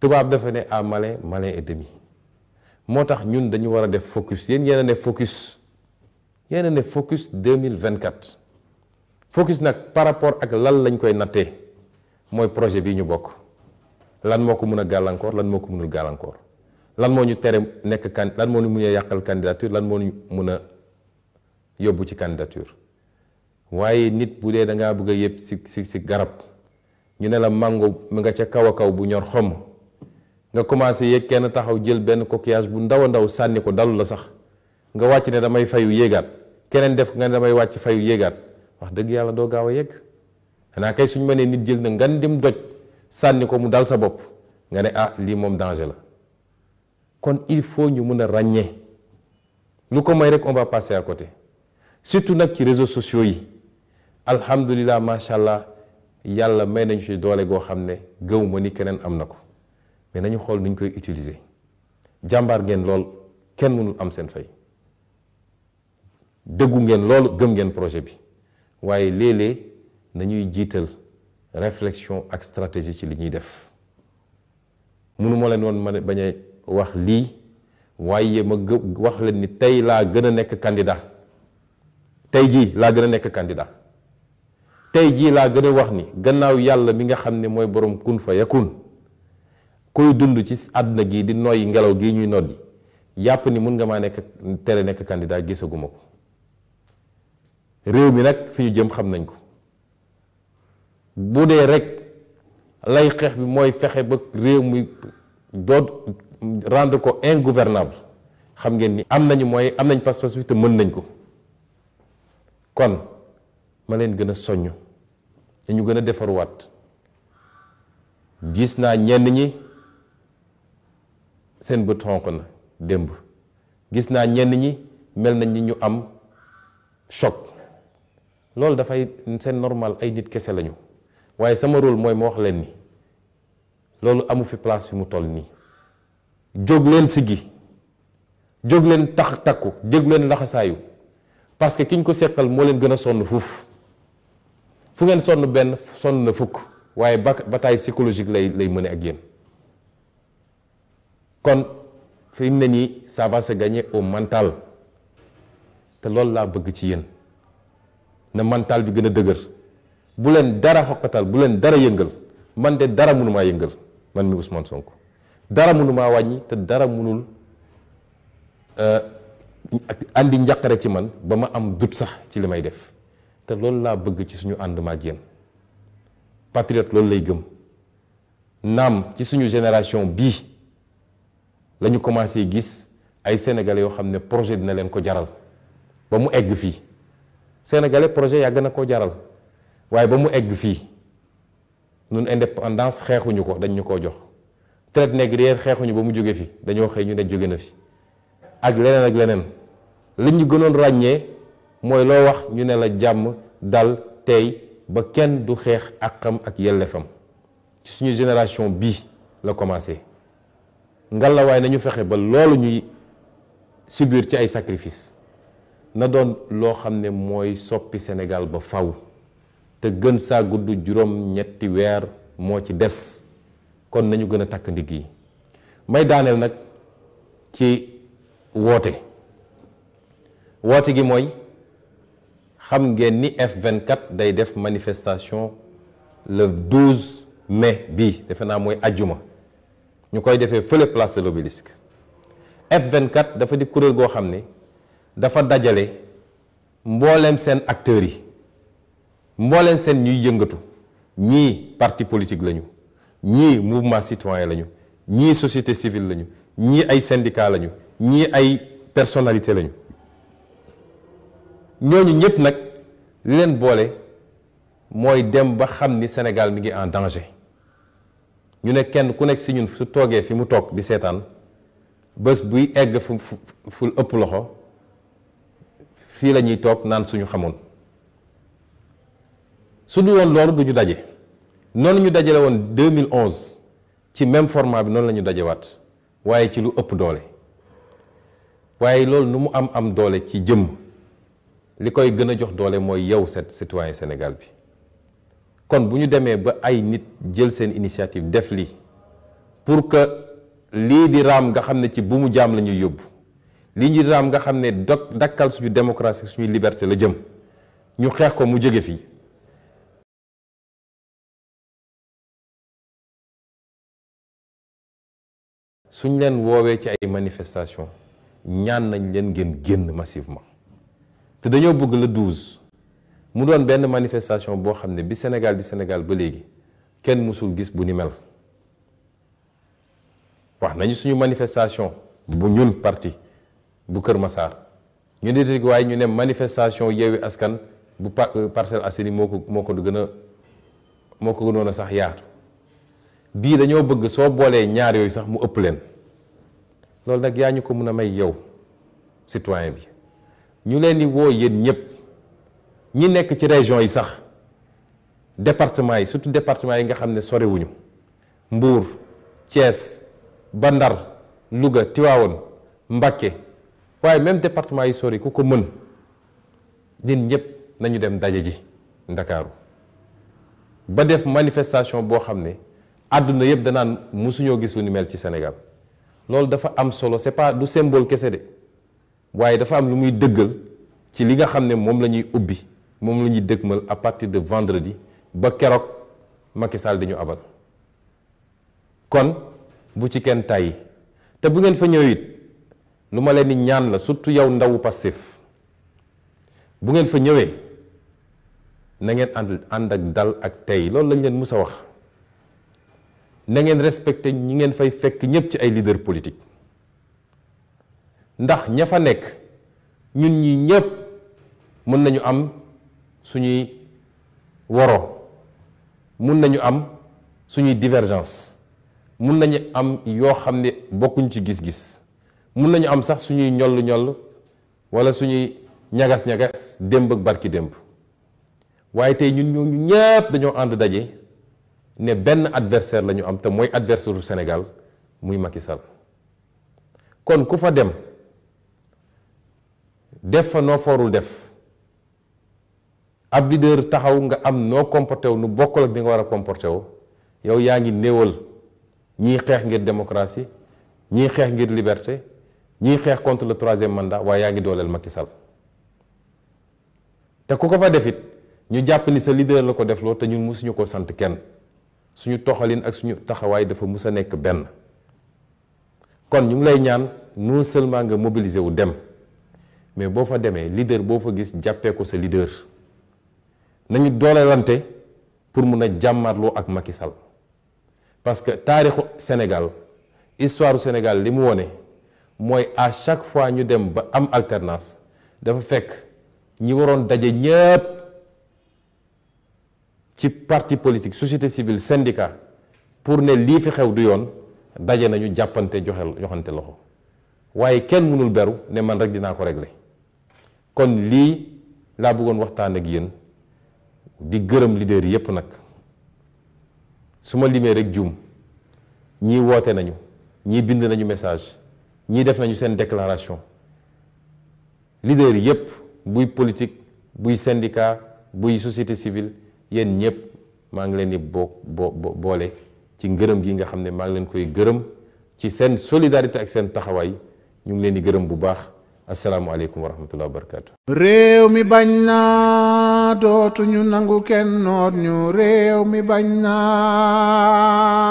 tubaab dafa ne à malin malin et demi moo tax ñun dañu war a def focus yéen yéen a ne focus yéen a ne focus 2024 focus nag par rapport ak lan lañ koy nattee mooy projet bii ñu bokk lan moo ko mun a gàllankoor lan moo ko munul gàllankoor lan moo ñu tere nekk kan lan moo ñu mun a yàqal candidature lan moo ñu mun a yóbbu ci candidature waaye nit bu dee da ngaa bëgg a yëpp si si garab ñu ne la màngo mu nga ca kaw a kaw bu ñor xomm nga commencé yéeg kenn taxaw jël benn coquillage bu ndaw a ndaw sànni ko dalu la sax nga wàcc ne damay fayu yéegaat keneen def nga ne damay wàcc fayu yéegaat wax dëgg yàlla doo gaaw a yegg xanaa kay suñ mënee nit jël na ngan dim doj sànni ko mu dal sa bopp nga ne ah lii moom danger la kon il faut ñu mën a ràññee lu ko may rek on va passer à surtout nag ci réseau sociaux yi alhamdulilah macha allah yàlla may nañu si doole goo xam ne gëw ni keneen am na ko. mais nañu xool nuñ koy utiliser jàmbaar ngeen lool kenn mënul am seen fay dëggu ngeen lool gëm ngeen projet bi waaye léeg-léeg nañuy jiital réflexion ak stratégie ci li ñuy def mënu moo leen woon ma ne bañ wax lii waaye ma wax leen ni tey laa gën a nekk candidat tey jii laa gën a nekk candidat tey jii laa gën a wax ni gannaaw yàlla mi nga xam ne mooy borom kun fa yakun kuy dund ci àdduna gii di noyyi ngelaw gii ñuy noddi yàpp ni mun nga maa nekk tere nekk candidat gisaguma ko réew mi nag fi ñu jëm xam nañ ko bu dee rek lay xeex bi mooy fexe ba réew mi doot rendre ko ingouvernable xam ngeen ni am nañu mooy am nañ pas-pas bi te mën nañ ko kon ma leen gën a soññ dañu gën a defaruwaat gis naa ñenn ñi seen bët xonq na démb gis naa ñenn ñi mel nañ ni ñu am choc loolu dafay seen normal ay nit kese lañu waaye sama rôle mooy ma wax leen ni loolu amu fi place fi mu toll nii jóg leen siggi jóg leen tax takku jóg leen laxasaayu parce que kiñ ko seqal moo leen gën a sonn fuuf fu ngeen sonn benn sonn na fukk waaye ba bataille psychologique lay lay mëne ak yéen kon fi mu ne nii ça va se gagner au te loolu laa bëgg ci yéen na mantaal bi gën a dëgër bu leen dara xoqatal bu leen dara yëngal man de dara mënumaa yëngal man mi Ousmane Sonko dara mënumaa wàññi te dara mënul euh, andi njàqare ci man ba ma am dut sax ci li may def te loolu laa bëgg ci suñu ànd ma ak yéen patriote loolu lay gëm naam ci suñu génération bii lañu ñu gis ay sénégalais yoo xam ne projet dina leen ko jaral ba mu egg fii sénégalais projet yàgg na koo jaral waaye ba mu egg fii nun indépendance xeexuñu ko dañ ñu koo jox traite négrière xeexuñu ba mu jóge fi dañoo xëy ñu ne jóge na fi ak leneen ak leneen li ñu gënoon ràññee mooy loo wax ñu ne la jàmm dal tey ba kenn du xeex àqam ak yellefam suñu génération bii la commencé ngalawaay nañu fexe ba loolu ñuy subir ci ay sacrifice na doon loo xam ne mooy soppi Sénégal ba faw te gën saa gudd juróom ñetti weer moo ci des kon nañu gën a takk ndigg yi may daaneel nag ci woote woote gi mooy xam ngeen ni f day def manifestation le 12 mai bii defe naa mooy ajjuma ñu koy defee fële place de l'obélisque F24 dafa di kuréel goo xam ne dafa dajale mbooleem seen acteurs yi mbooleem seen ñuy yëngatu ñii parti politique lañu ñii mouvement citoyen lañu ñii société civile lañu ñii ay syndicat lañu ñii ay personnalité lañu ñooñu ñëpp nag li leen boole mooy dem ba xam ni Sénégal mi ngi en danger. ñu ne kenn ku nekk si ñun su toogee fi mu toog di seetaan bés buy egg fu fu ëpp loxo fii la ñuy toog naan suñu xamoon su du woon loolu du ñu daje noonu ñu dajale woon 2011 ci même format bi noonu la dajewaat waaye ci lu ëpp doole waaye loolu nu mu am am doole ci jëmm li koy gën a jox doole mooy yow set citoyen Sénégal bi kon bu ñu demee ba ay nit jël seen initiative def li pour que lii di raam nga xam ne ci bu mu jaam la ñuy yóbbu lii di raam nga xam ne dok dakkal suñu démocratie suñuy liberté la jëm ñu xeex ko mu jege fii suñ leen woowee ci ay manifestation ñaan nañ leen ngeen génn massivement te dañoo bëgg la 12 mu doon benn manifestation boo xam ne bi Sénégal di Sénégal ba léegi kenn mësul gis bu ni mel wax nañu suñu manifestation bu ñun parti bu Kër Massar ñu ne dégg waaye ñu ne manifestation Yewwi Askan bu par euh, Parcelles moo ko moo ko gën a moo ko gënoon a sax yaatu bii dañoo bëgg soo boolee ñaar yooyu sax mu ëpp leen loolu nag yaa ñu ko mën a may yow citoyen bi ñu leen di woo yéen ñëpp. ñi nekk ci région yi sax département yi surtout département yi nga xam ne soriwuñu Mbour Thiès bandar Ndar Louga Tivaouane Mbacké waaye même département yi sori ku ko mën ñun ñëpp nañu dem daje ji Ndakaaru ba def manifestation boo xam ne àdduna yëpp danaan musuñoo gis lu ni mel ci Sénégal loolu dafa am solo c'est pas du symbole kese de waaye dafa am lu muy dëggal ci li nga xam ne moom lañuy ubbi moom la ñuy dëgmal à partir de vendredi ba keroog Macky Sall di ñu abal kon bu ci kenn tàyyi te bu ngeen fa ñëw it lu ma leen di ñaan la surtout yow ndawu Pastef bu ngeen fa ñëwee na ngeen ànd ànd ak dal ak tey loolu lañ leen mus a wax na ngeen respecté ñi ngeen fay fekk ñépp ci ay leader politique ndax ña fa nekk ñun ñi ñépp mën nañu am suñuy woro mun nañu am suñuy divergence mun nañu am yoo xam ne bokkuñ ci gis-gis mun nañu am sax suñuy ñoll ñoll wala suñuy ñagas-ñagas démb ak barki démb waaye tey ñun ñooñu ñëpp dañoo ànd daje ne benn adversaire la ñu am te mooy adversaire u Sénégal muy Macky kon ku fa dem def fa noo foorul def ab leader taxaw nga am noo comporté wu nu bokkul ak ni nga war a comporter wu yow yaa ngi néewal ñii xeex ngir démocratie ñii xeex ngir liberté ñii xeex contre le troisième manda waaye yaa ngi dooleel Macky Sall te ku ko fa def it ñu jàpp ni sa leader la ko defloo te ñu mosuñu ko sant kenn suñu toxalin ak suñu taxawaay dafa mus a nekk benn kon ñu ngi lay ñaan non seulement nga mobiliser wu dem mais boo fa demee leader boo fa gis jàppee ko sa leader nañu doolewante pour mun a jàmmarloo ak Macky Sall parce que taarixu Sénégal histoire Sénégal li mu wone mooy à chaque fois ñu dem ba am alternance dafa fekk ñi waroon daje ñépp ci parti politique société civile syndicat pour ne lii fi xew du yoon daje nañu jàppante joxe joxante loxo waaye kenn mënul beru ne man rek dinaa ko regle kon lii laa bëggoon waxtaan ak yéen di gërëm leader yépp nag su ma limee rek juum ñii woote nañu ñii bind nañu message ñii def nañu seen déclaration leader yépp buy politique buy syndicat buy société civile yéen ñépp maa ngi leen di boo boo boole ci ngërëm gi nga xam ne maa ngi leen koy gërëm ci seen solidarité ak seen taxawaay ñu ngi leen di gërëm bu baax asalaamualeykum wa rahmatullah wa barakatu réew mi bañ naa dootuñu nangu kenn noot ñu réew mi bañ naa